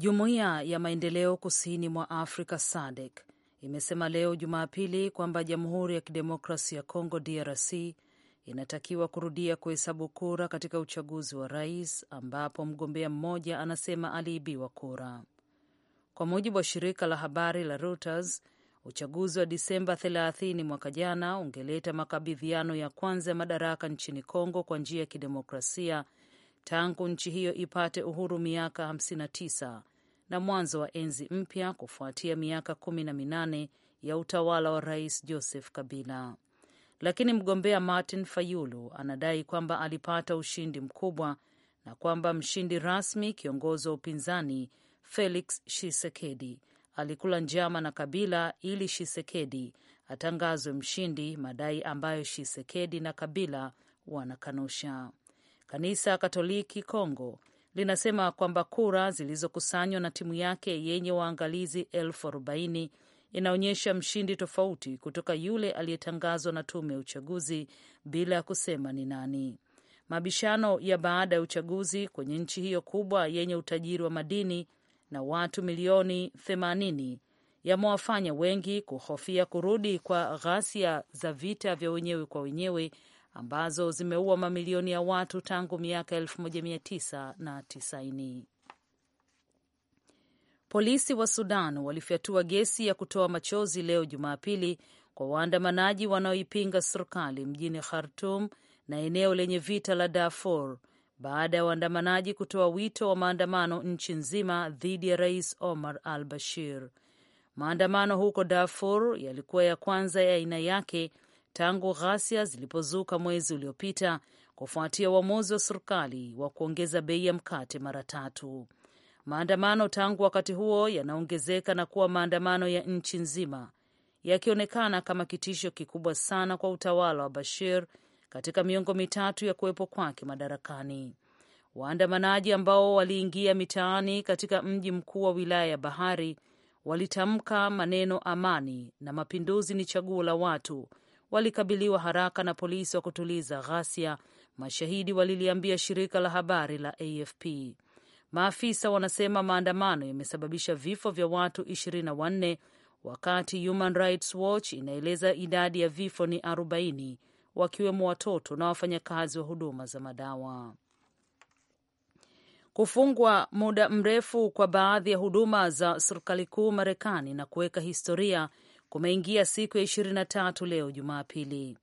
Jumuiya ya Maendeleo Kusini mwa Afrika SADC imesema leo Jumapili kwamba Jamhuri ya Kidemokrasi ya congo DRC inatakiwa kurudia kuhesabu kura katika uchaguzi wa rais ambapo mgombea mmoja anasema aliibiwa kura. Kwa mujibu wa shirika la habari la Reuters, uchaguzi wa Disemba 30 mwaka jana ungeleta makabidhiano ya kwanza ya madaraka nchini congo kwa njia ya kidemokrasia tangu nchi hiyo ipate uhuru miaka 59 na mwanzo wa enzi mpya kufuatia miaka kumi na minane ya utawala wa Rais Joseph Kabila. Lakini mgombea Martin Fayulu anadai kwamba alipata ushindi mkubwa na kwamba mshindi rasmi, kiongozi wa upinzani Felix shisekedi alikula njama na Kabila ili shisekedi atangazwe mshindi, madai ambayo shisekedi na Kabila wanakanusha. Kanisa Katoliki Kongo linasema kwamba kura zilizokusanywa na timu yake yenye waangalizi elfu arobaini inaonyesha mshindi tofauti kutoka yule aliyetangazwa na tume ya uchaguzi bila ya kusema ni nani. Mabishano ya baada ya uchaguzi kwenye nchi hiyo kubwa yenye utajiri wa madini na watu milioni 80 yamewafanya wengi kuhofia kurudi kwa ghasia za vita vya wenyewe kwa wenyewe ambazo zimeua mamilioni ya watu tangu miaka 1990. Polisi wa Sudan walifyatua gesi ya kutoa machozi leo Jumapili kwa waandamanaji wanaoipinga serikali mjini Khartum na eneo lenye vita la Darfur baada ya waandamanaji kutoa wito wa maandamano nchi nzima dhidi ya Rais Omar al Bashir. Maandamano huko Darfur yalikuwa ya kwanza ya aina yake tangu ghasia zilipozuka mwezi uliopita kufuatia uamuzi wa serikali wa kuongeza bei ya mkate mara tatu. Maandamano tangu wakati huo yanaongezeka na kuwa maandamano ya nchi nzima, yakionekana kama kitisho kikubwa sana kwa utawala wa Bashir katika miongo mitatu ya kuwepo kwake madarakani. Waandamanaji ambao waliingia mitaani katika mji mkuu wa wilaya ya Bahari walitamka maneno, amani na mapinduzi ni chaguo la watu walikabiliwa haraka na polisi wa kutuliza ghasia, mashahidi waliliambia shirika la habari la AFP. Maafisa wanasema maandamano yamesababisha vifo vya watu 24 wakati Human Rights Watch inaeleza idadi ya vifo ni 40 wakiwemo watoto na wafanyakazi wa huduma za madawa. Kufungwa muda mrefu kwa baadhi ya huduma za serikali kuu Marekani na kuweka historia kumeingia siku ya ishirini na tatu leo Jumapili.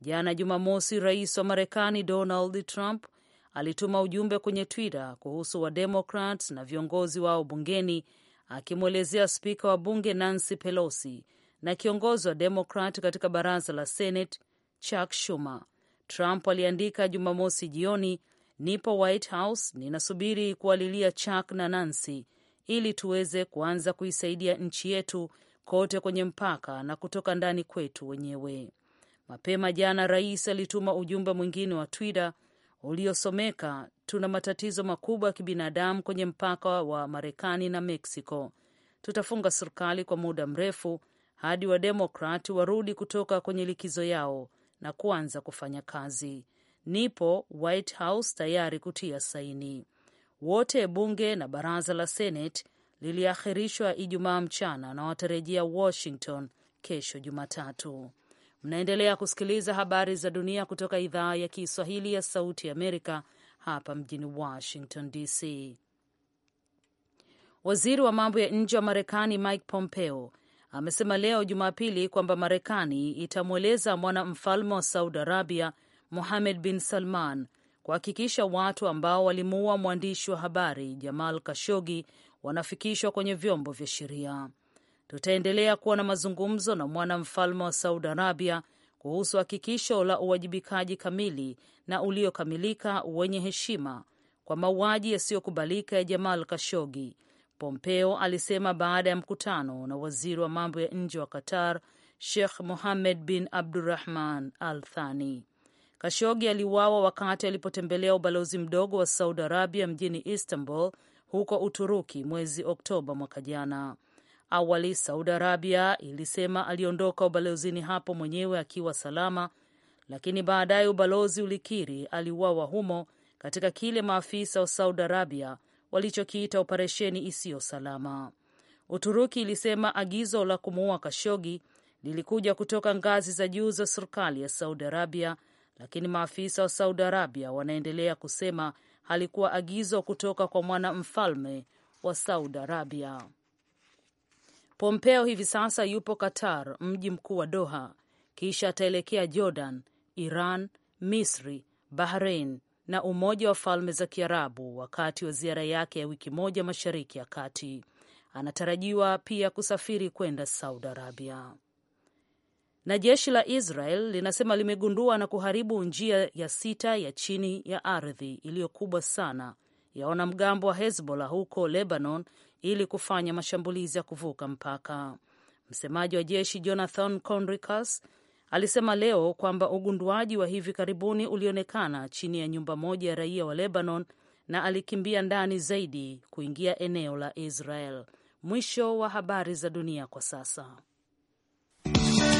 Jana Jumamosi, rais wa Marekani Donald Trump alituma ujumbe kwenye Twitter kuhusu Wademokrat na viongozi wao bungeni, akimwelezea spika wa bunge Nancy Pelosi na kiongozi wa Demokrat katika baraza la Senate Chuck Schumer. Trump aliandika Jumamosi jioni, nipo White House, ninasubiri kuwalilia Chuck na Nancy ili tuweze kuanza kuisaidia nchi yetu kote kwenye mpaka na kutoka ndani kwetu wenyewe. Mapema jana, rais alituma ujumbe mwingine wa Twitter uliosomeka, tuna matatizo makubwa ya kibinadamu kwenye mpaka wa Marekani na Mexico. Tutafunga serikali kwa muda mrefu hadi Wademokrat warudi kutoka kwenye likizo yao na kuanza kufanya kazi. Nipo White House tayari kutia saini. Wote bunge na baraza la Senate liliahirishwa Ijumaa mchana na watarejea Washington kesho Jumatatu. Mnaendelea kusikiliza habari za dunia kutoka idhaa ya Kiswahili ya Sauti ya Amerika hapa mjini Washington DC. Waziri wa mambo ya nje wa Marekani Mike Pompeo amesema leo Jumapili kwamba Marekani itamweleza mwanamfalme wa Saudi Arabia muhamed bin Salman kuhakikisha watu ambao walimuua mwandishi wa habari Jamal Kashogi wanafikishwa kwenye vyombo vya sheria. Tutaendelea kuwa na mazungumzo na mwanamfalme wa Saudi Arabia kuhusu hakikisho la uwajibikaji kamili na uliokamilika wenye heshima kwa mauaji yasiyokubalika ya Jamal Kashogi, Pompeo alisema baada ya mkutano na waziri wa mambo ya nje wa Qatar, Sheikh Mohammed bin Abdurahman Al Thani. Kashogi aliuawa wakati alipotembelea ubalozi mdogo wa Saudi Arabia mjini Istanbul huko Uturuki mwezi Oktoba mwaka jana. Awali Saudi Arabia ilisema aliondoka ubalozini hapo mwenyewe akiwa salama, lakini baadaye ubalozi ulikiri aliuawa humo katika kile maafisa wa Saudi Arabia walichokiita operesheni isiyo salama. Uturuki ilisema agizo la kumuua Kashogi lilikuja kutoka ngazi za juu za serikali ya Saudi Arabia, lakini maafisa wa Saudi Arabia wanaendelea kusema halikuwa agizo kutoka kwa mwanamfalme wa Saudi Arabia. Pompeo hivi sasa yupo Qatar, mji mkuu wa Doha, kisha ataelekea Jordan, Iran, Misri, Bahrain na Umoja wa Falme za Kiarabu wakati wa ziara yake ya wiki moja Mashariki ya Kati. Anatarajiwa pia kusafiri kwenda Saudi Arabia na jeshi la Israel linasema limegundua na kuharibu njia ya sita ya chini ya ardhi iliyo kubwa sana ya wanamgambo wa Hezbollah huko Lebanon ili kufanya mashambulizi ya kuvuka mpaka. Msemaji wa jeshi Jonathan Conricus alisema leo kwamba ugunduaji wa hivi karibuni ulionekana chini ya nyumba moja ya raia wa Lebanon na alikimbia ndani zaidi kuingia eneo la Israel. Mwisho wa habari za dunia kwa sasa.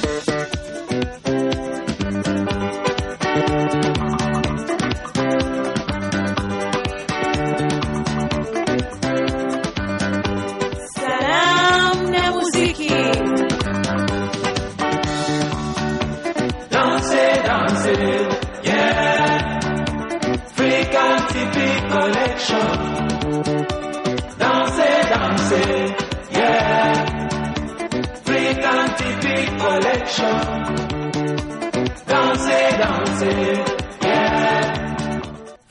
Thank you.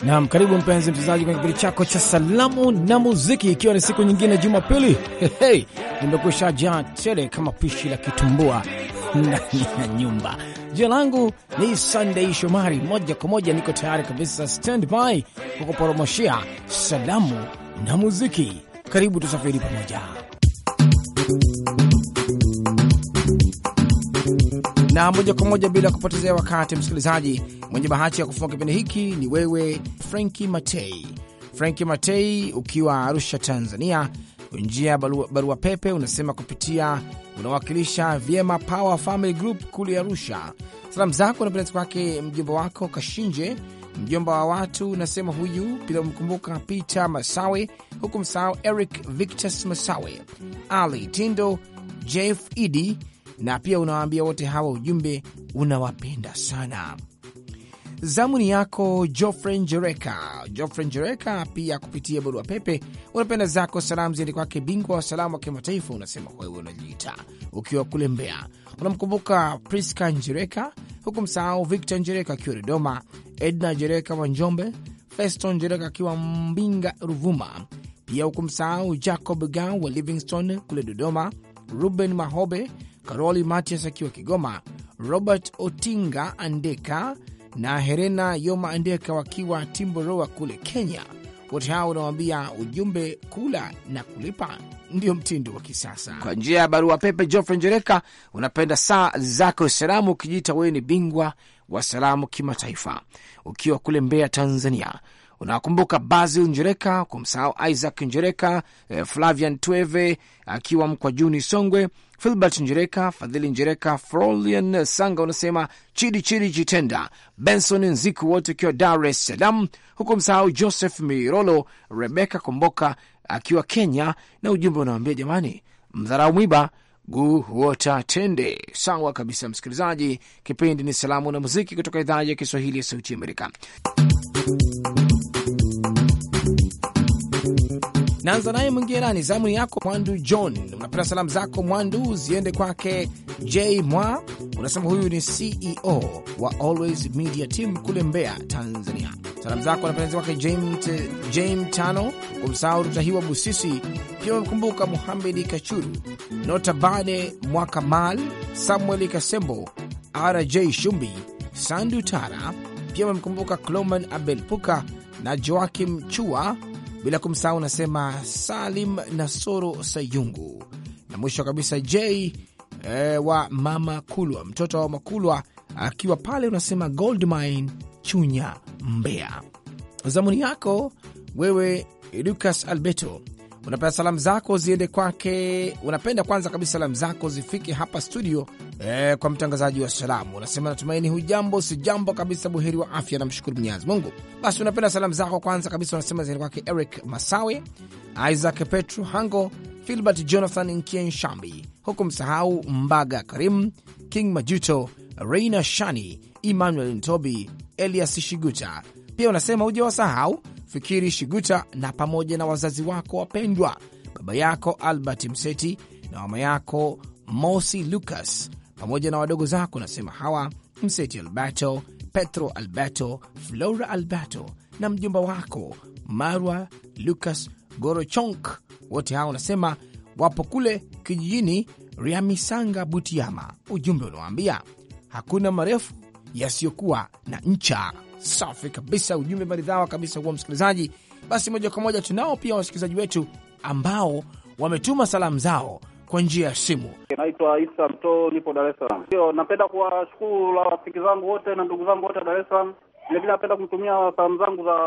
nam karibu mpenzi mchezaji kwenye kipindi chako cha salamu na muziki, ikiwa ni siku nyingine Jumapili. Hey, nimekusha jaa tele kama pishi la kitumbua ndani ya nyumba. Jina langu ni Sunday Shomari, moja kwa moja niko tayari kabisa standby kwa kuporomoshea salamu na muziki. Karibu tusafiri pamoja. na moja kwa moja bila kupotezea wakati, msikilizaji, mwenye bahati ya kufunga kipindi hiki ni wewe franki Matei. franki Matei, ukiwa Arusha, Tanzania, njia ya barua, barua pepe unasema kupitia unawakilisha vyema Power Family Group kule Arusha. Salamu zako napeleza kwake mjomba wako Kashinje, mjomba wa watu unasema huyu bila kumkumbuka Peter Masawe, huku msahau Eric Victus Masawe, Ali Tindo, Jeff Idi na pia unawaambia wote hawa ujumbe unawapenda sana. Zamuni yako Jofre Jereka. Jofre Jereka pia kupitia barua pepe unapenda zako salamu ziende kwake bingwa wa salamu wa kimataifa, unasema wewe unajiita ukiwa kule Mbeya. Unamkumbuka Priska Njereka, huku msahau Victor Njereka akiwa Dodoma, Edna Jereka wa Njombe, Feston Njereka akiwa Mbinga Ruvuma, pia huku msahau Jacob Gan wa Livingstone kule Dodoma, Ruben Mahobe Karoli Matias akiwa Kigoma, Robert Otinga Andeka na Herena Yoma Andeka wakiwa Timboroa kule Kenya. Wote hao unawambia ujumbe kula na kulipa ndio mtindo wa kisasa. Kwa njia ya barua pepe, Jofre Njereka, unapenda saa zako salamu, ukijiita wewe ni bingwa wa salamu kimataifa, ukiwa kule Mbeya, Tanzania. Unawakumbuka Basil Njereka, kumsahau Isaac Njereka, eh, Flavian Tweve akiwa Mkwajuni Songwe, Filbert Njereka, Fadhili Njereka, Frolian Sanga unasema Chidi Chidi Jitenda, Benson Nziku, wote ukiwa Dar es Salaam, huku msahau Joseph Mirolo, Rebeka Komboka akiwa Kenya, na ujumbe unawambia jamani, mdharau mwiba guhuota tende. Sawa kabisa, msikilizaji. Kipindi ni Salamu na Muziki kutoka idhaa ya Kiswahili ya Sauti Amerika. Naanza naye Mwingerani, zamuni yako Mwandu John. Unapenda salamu zako Mwandu ziende kwake J Mwa, unasema huyu ni CEO wa Always Media Team kule Mbeya, Tanzania. Salamu zako anapendezi kwake James, Tano, kumsahau Rutahiwa Busisi, pia amemkumbuka Muhamedi Kachuru, Notabane mal Samueli Kasembo, RJ Shumbi, Sandu Tara, pia amemkumbuka Cloman Abel Puka na Joakim Chua bila kumsahau nasema Salim Nasoro Sayungu na mwisho kabisa J eh, wa Mama Kulwa, mtoto wa Makulwa akiwa pale unasema Gold Mine Chunya, Mbeya. Zamuni yako wewe Lucas Alberto unapenda salamu zako ziende kwake. Unapenda kwanza kabisa salamu zako zifike hapa studio e, kwa mtangazaji wa salamu. Unasema natumaini hujambo, jambo kabisa, buheri wa afya, namshukuru Mwenyezi Mungu. Basi unapenda salamu zako kwanza kabisa unasema ziende kwake Eric Masawe, Isaac Petro Hango, Filbert Jonathan Nkien Shambi, huku msahau Mbaga Karim, King Majuto, Reina Shani, Emmanuel Ntobi, Elias Shiguta. Pia unasema huja wasahau Fikiri Shiguta na pamoja na wazazi wako wapendwa, baba yako Albert Mseti na mama yako Mosi Lucas pamoja na wadogo zako, nasema hawa Mseti Alberto, Petro Alberto, Flora Alberto na mjomba wako Marwa Lucas Gorochonk. Wote hao unasema wapo kule kijijini Riamisanga, Butiama. Ujumbe unawaambia hakuna marefu yasiyokuwa na ncha. Safi kabisa, ujumbe maridhawa kabisa kuwa msikilizaji. Basi moja kwa moja tunao pia wasikilizaji wetu ambao wametuma salamu zao kwa njia ya simu. Naitwa Isa Mto, nipo Dar es Salaam. Ndio, napenda kuwashukuru rafiki zangu wote na ndugu zangu wote wa Dar es Salaam. Vilevile napenda kumtumia salamu zangu za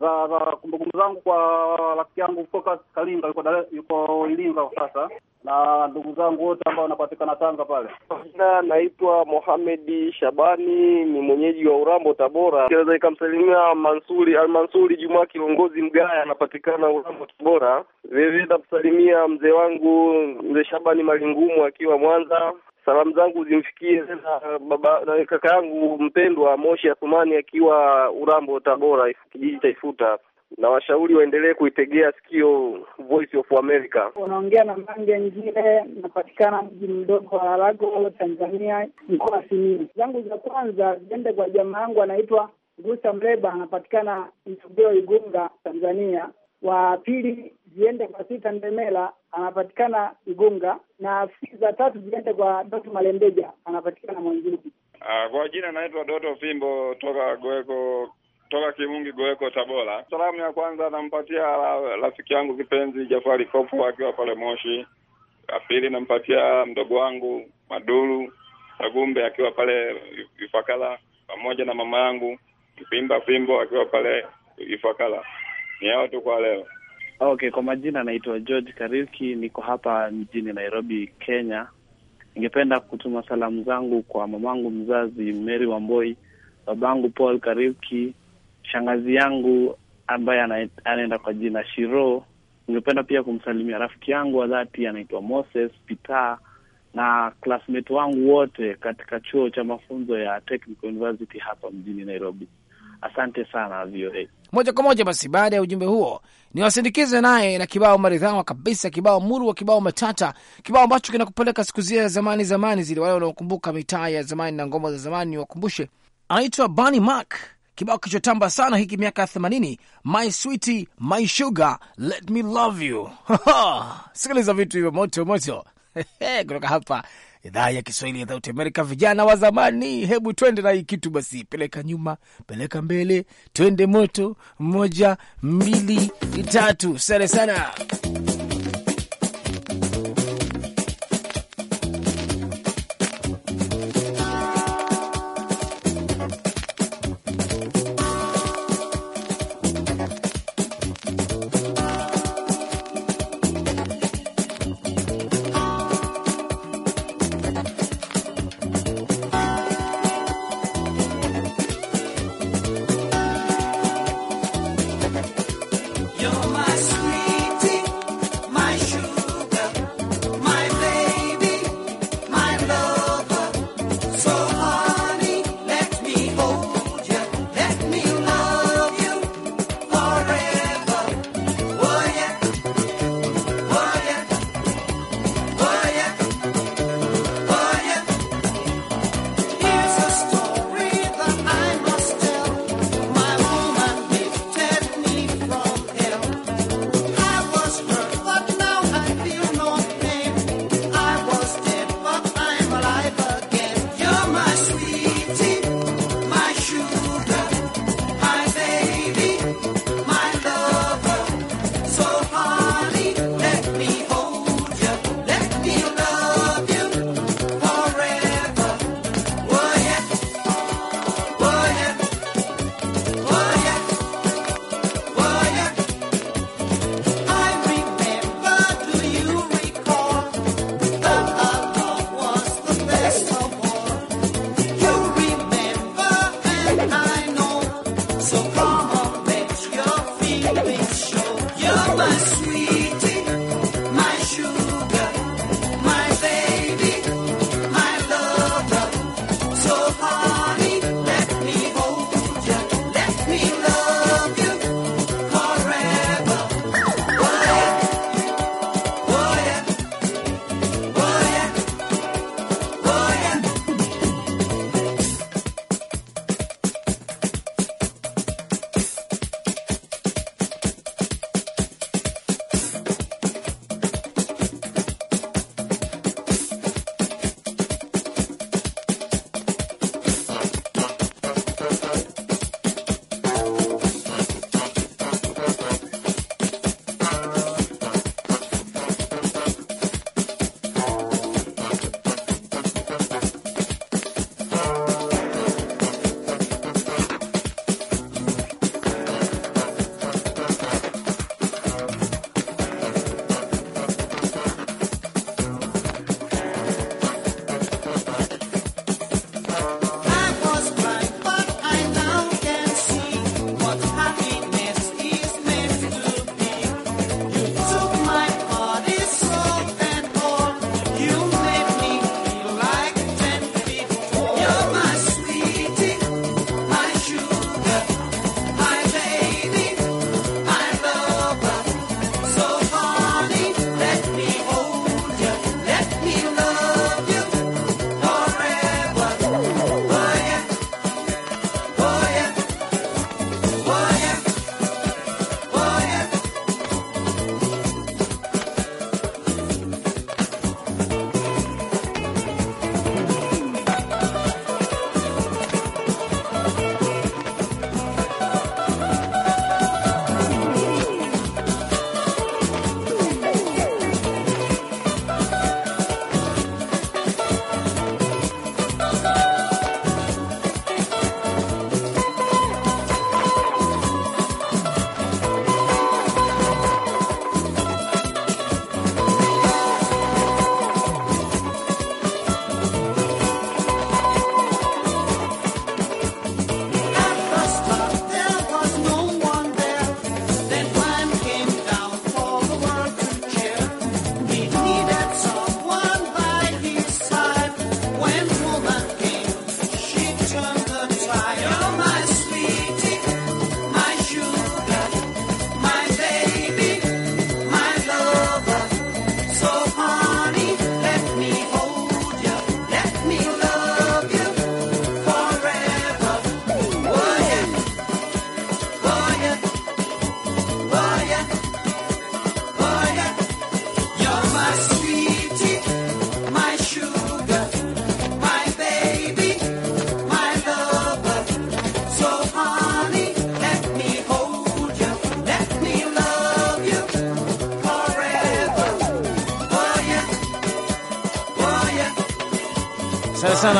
za za kumbukumbu zangu kwa rafiki yangu Focus Kalinga, yuko dale, yuko Ilinga sasa, na ndugu zangu wote ambao wanapatikana Tanga pale. Jina naitwa Mohamedi Shabani, ni mwenyeji wa Urambo, Tabora. Naweza nikamsalimia Mansuri Almansuri Jumaa kiongozi Mgaya, anapatikana Urambo, Tabora. Vilevile namsalimia mzee wangu mzee Shabani Malingumu akiwa Mwanza. Salamu zangu zimfikie uh, baba na kaka yangu mpendwa Moshi Athumani akiwa Urambo, Tabora, kijiji cha Ifuta na washauri waendelee kuitegea sikio Voice of America. Unaongea na Mange Njile, napatikana mji mdogo wa Lalago, Tanzania, mkoa wa Simiyu. Zangu za kwanza ziende kwa jamaa yangu anaitwa Gusa Mreba, anapatikana Mtugeo, Igunga, Tanzania wa pili ziende kwa Sita Ndemela anapatikana Igunga, na za tatu ziende kwa Doto Malembeja anapatikana Mwanjugu. Uh, ah, kwa jina naitwa Doto Fimbo toka Goeko toka Kimungi Goeko Tabora. Salamu ya kwanza nampatia rafiki yangu kipenzi Jafari Kopo akiwa pale Moshi. Ya pili nampatia mdogo wangu Maduru Sagumbe akiwa pale Ifakala pamoja na mama yangu Mpimba Fimbo akiwa pale Ifakala. Ni hao tu kwa leo. Okay, kwa majina naitwa George Kariuki, niko hapa mjini Nairobi, Kenya. Ningependa kutuma salamu zangu kwa mamangu mzazi Mary Wamboi, babangu Paul Kariuki, shangazi yangu ambaye anaenda kwa jina Shiro. Ningependa pia kumsalimia rafiki yangu wa dhati anaitwa Moses Pita na classmate wangu wote katika chuo cha mafunzo ya Technical University hapa mjini Nairobi. Asante sana VOA. Moja kwa moja basi, baada ya ujumbe huo ni wasindikize naye na kibao maridhawa kabisa, kibao murwa, kibao matata, kibao ambacho kinakupeleka siku zile za zamani zamani zile. Wale wanaokumbuka mitaa ya zamani na ngoma za zamani ni wakumbushe, anaitwa Bonnie Mack, kibao kichotamba sana hiki miaka ya themanini my sweetie, my sugar, let me love you. Sikiliza vitu hivyo moto moto kutoka hapa idhaa ya Kiswahili ya Sauti Amerika. Vijana wa zamani, hebu twende na hii kitu basi, peleka nyuma, peleka mbele, twende moto. Moja, mbili, tatu, sare sana.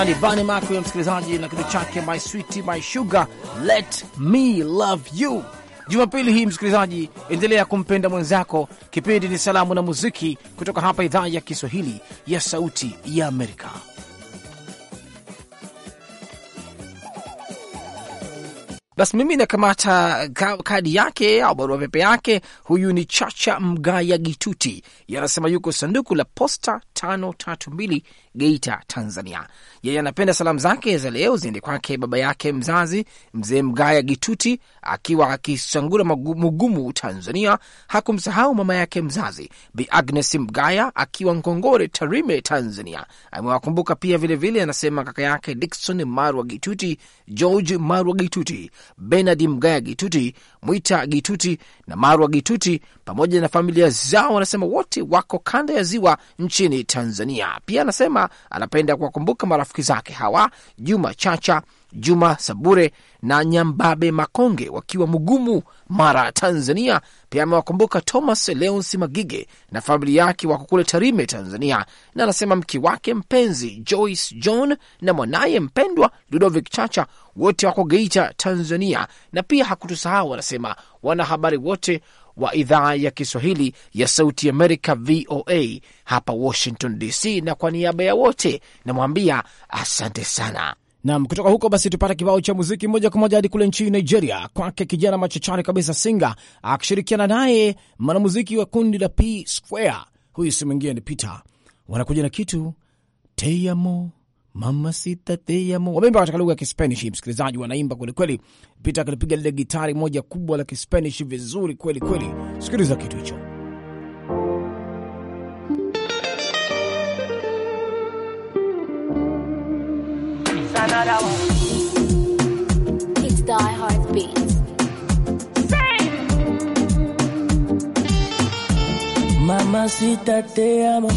Bali Bani Mako ya msikilizaji na kitu chake my sweet my sugar let me love you. Jumapili hii msikilizaji, endelea kumpenda mwenzako. Kipindi ni salamu na muziki kutoka hapa idhaa ya Kiswahili ya Sauti ya Amerika. Basi mimi nakamata kadi yake au barua pepe yake. Huyu ni Chacha Mgaya Gituti, yanasema yuko sanduku la posta 532 Geita, Tanzania. Yeye anapenda salamu zake za leo ziende kwake baba yake mzazi mzee Mgaya Gituti akiwa akisangura Mugumu, Tanzania. Hakumsahau mama yake mzazi Bi Agnes Mgaya akiwa Ngongore, Tarime, Tanzania. Amewakumbuka pia vilevile anasema kaka yake Dikson Marwa Gituti, George Marwa Gituti, Benard Mgaya Gituti, Mwita Gituti na Marwa Gituti pamoja na familia zao, anasema wote wako kanda ya ziwa nchini Tanzania. Pia anasema anapenda kuwakumbuka marafiki zake hawa Juma Chacha, Juma Sabure na Nyambabe Makonge wakiwa mgumu Mara, Tanzania. Pia amewakumbuka Thomas Leonsi Magige na familia yake wako kule Tarime, Tanzania, na anasema mke wake mpenzi Joyce John na mwanaye mpendwa Ludovic Chacha wote wako Geita, Tanzania, na pia hakutusahau, anasema wanahabari wote wa idhaa ya Kiswahili ya Sauti Amerika, VOA hapa Washington DC, na kwa niaba ya wote namwambia asante sana. Nam, kutoka huko basi tupata kibao cha muziki moja kwa moja hadi kule nchini Nigeria, kwake kijana machachari kabisa Singa akishirikiana naye mwanamuziki wa kundi la P Square, huyu si mwingine ni Peter. Wanakuja na kitu teyamo mama sita mamasitateyamo wameimba katika lugha ya Kispanish. Msikilizaji, wanaimba kwelikweli. Pita akilipiga lile gitari moja kubwa la Kispanish vizuri kweli kweli. Sikiliza kitu hicho. Mama, si te amo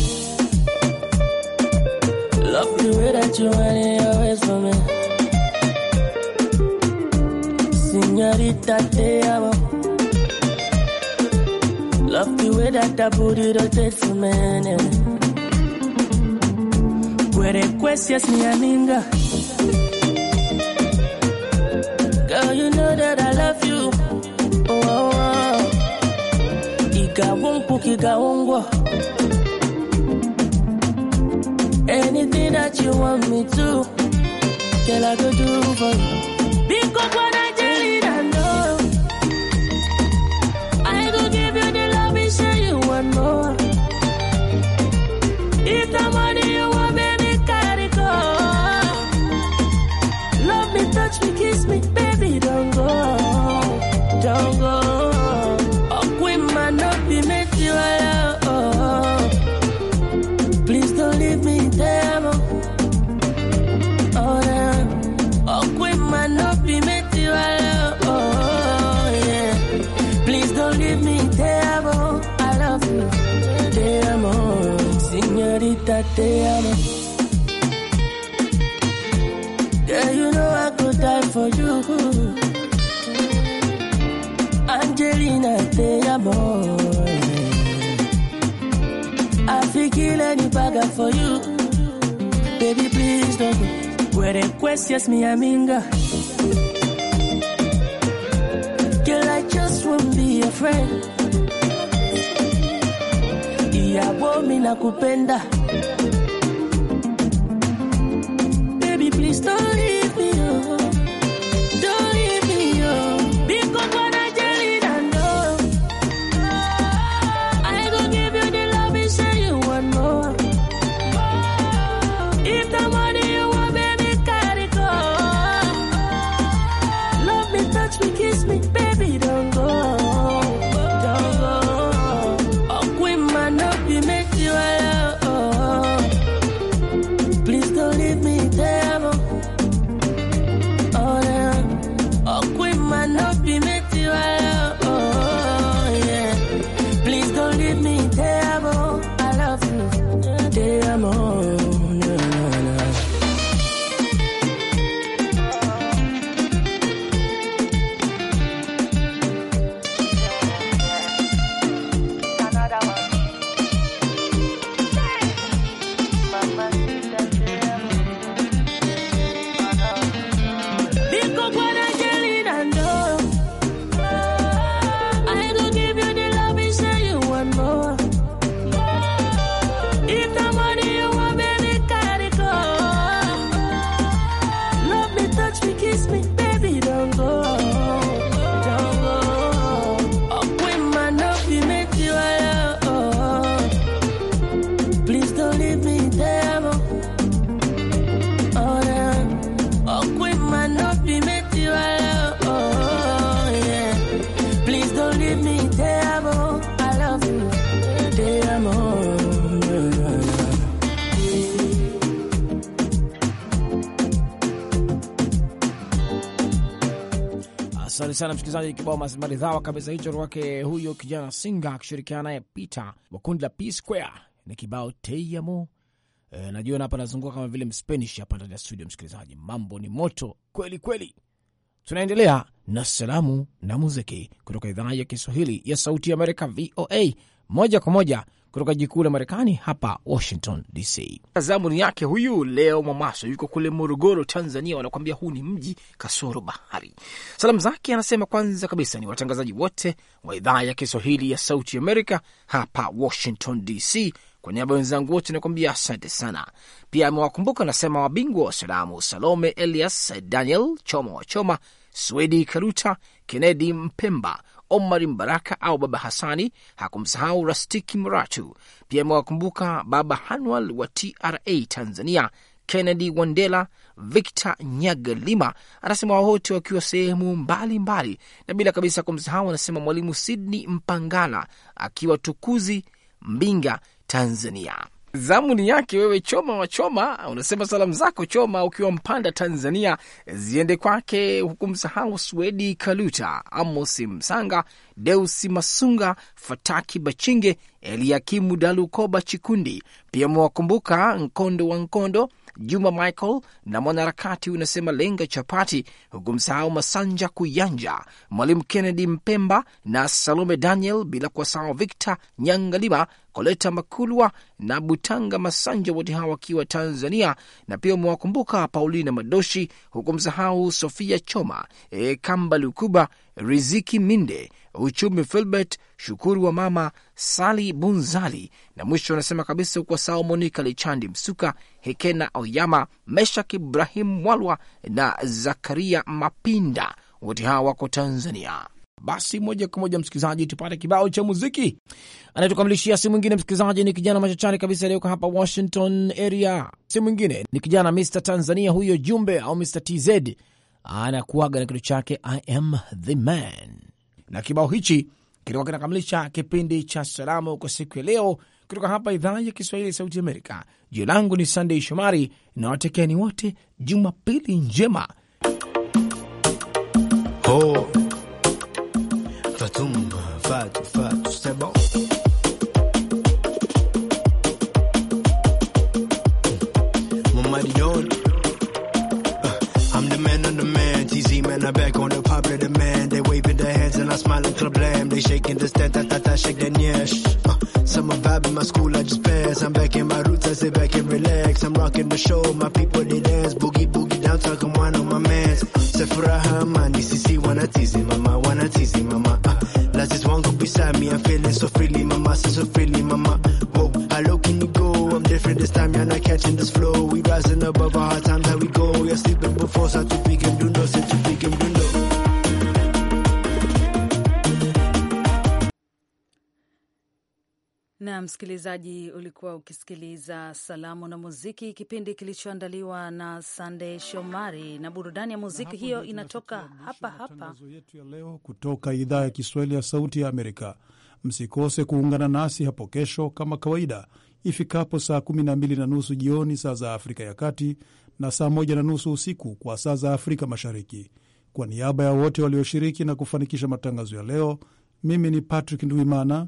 Love the way that you want it always for me. Senorita, te amo. Love the way that that booty rotates for me. Puede es mi amiga. Girl, you know that I love you. Oh, oh, oh. Iga wongu, iga wongu. Anything that you want me to, girl, I could do for you. many bagger for you. Baby, please don't go. Where they questions me, I mingle. Girl, I just won't be a friend. Iyawo mi nakupenda. Baby, please don't leave. Asante sana msikilizaji, kibao maridhawa kabisa hicho kwake huyo kijana Singa akishirikiana naye Peter wa kundi la P Square na kibao Teyamo. E, najiona hapa nazunguka kama vile Mspanish hapa ndani ya studio. Msikilizaji, mambo ni moto kweli kweli. Tunaendelea na salamu na muziki kutoka idhaa ya Kiswahili ya Sauti ya Amerika, VOA, moja kwa moja kutoka jikuu la Marekani hapa Washington DC. Zamuni yake huyu leo Mwamaso yuko kule Morogoro, Tanzania. Wanakuambia huu ni mji kasoro bahari. Salamu zake anasema kwanza kabisa ni watangazaji wote wa idhaa ya Kiswahili ya Sauti Amerika hapa Washington DC. Kwa niaba wenzangu wote nakuambia asante sana. Pia amewakumbuka anasema wabingwa wa salamu, Salome Elias, Daniel Choma wa Choma, Swedi Karuta, Kennedi Mpemba, Omar Mbaraka au Baba Hasani. Hakumsahau Rastiki Muratu. Pia amewakumbuka Baba Hanwal wa TRA Tanzania, Kennedy Wandela, Victor Nyagalima. Anasema wote wakiwa sehemu mbalimbali, na bila kabisa kumsahau, anasema Mwalimu Sidney Mpangala akiwa Tukuzi, Mbinga, Tanzania. Zamu ni yake wewe, Choma wa Choma, unasema salamu zako Choma ukiwa Mpanda, Tanzania, ziende kwake huku msahau Swedi Kaluta, Amosi Msanga, Deusi Masunga, Fataki Bachinge, Eliakimu Dalukoba Chikundi. Pia mwakumbuka Nkondo wa Nkondo, Juma Michael na mwanaharakati unasema lenga chapati, huku msahau Masanja Kuyanja, Mwalimu Kennedy Mpemba na Salome Daniel, bila kuwasahau Victor Nyangalima Koleta Makulwa na Butanga Masanja, wote hawa wakiwa Tanzania, na pia umewakumbuka Paulina Madoshi, huku msahau Sofia Choma, e, Kamba Lukuba, Riziki Minde, Uchumi Filbert Shukuru wa mama Sali Bunzali, na mwisho anasema kabisa kwa sao Monika Lichandi Msuka, Hekena Oyama, Meshak Ibrahim Mwalwa na Zakaria Mapinda, wote hawa wako Tanzania. Basi moja kwa moja msikilizaji, tupate kibao cha muziki. Anayetukamilishia si mwingine msikilizaji, ni kijana machachari kabisa aliyoko hapa Washington area, si mwingine ni kijana Mr Tanzania huyo Jumbe au Mr TZ anakuaga na kitu chake I am the man, na kibao hichi kilikuwa kinakamilisha kipindi cha salamu kwa siku ya leo kutoka hapa idhaa ya Kiswahili ya Sauti Amerika. Jina langu ni Sandey Shomari na watekeni wote, Jumapili njema zoom, fatou, fatou, c'est bon. Hmm. Mon mari do ah, I'm the man on the man, TZ man, I'm back on the popular demand. They waving their hands and I smile and problem. They shaking the stand, ta ta ta, shake their nyesh. Uh, summer vibe in my school, I just pass. I'm back in my roots, I sit back and relax. I'm rocking the show, my people they dance. Boogie boogie down, talking wine on my mans. for Sefuraha mani, sisi wanna tease him, mama, wanna tease him, mama time. Me, I'm feeling so freely, mama, so, so freely, mama. Whoa, how low can you go? I'm different this time, you're not catching this flow. We rising above our times, how we go. we are sleeping before, start to be na msikilizaji, ulikuwa ukisikiliza salamu na muziki, kipindi kilichoandaliwa na Sande Shomari na burudani ya muziki hiyo inatoka hapa hapa. Matangazo yetu ya leo kutoka idhaa ya Kiswahili ya Sauti ya Amerika. Msikose kuungana nasi hapo kesho kama kawaida ifikapo saa 12 na nusu jioni saa za Afrika ya Kati na saa 1 na nusu usiku kwa saa za Afrika Mashariki. Kwa niaba ya wote walioshiriki na kufanikisha matangazo ya leo, mimi ni Patrick Ndwimana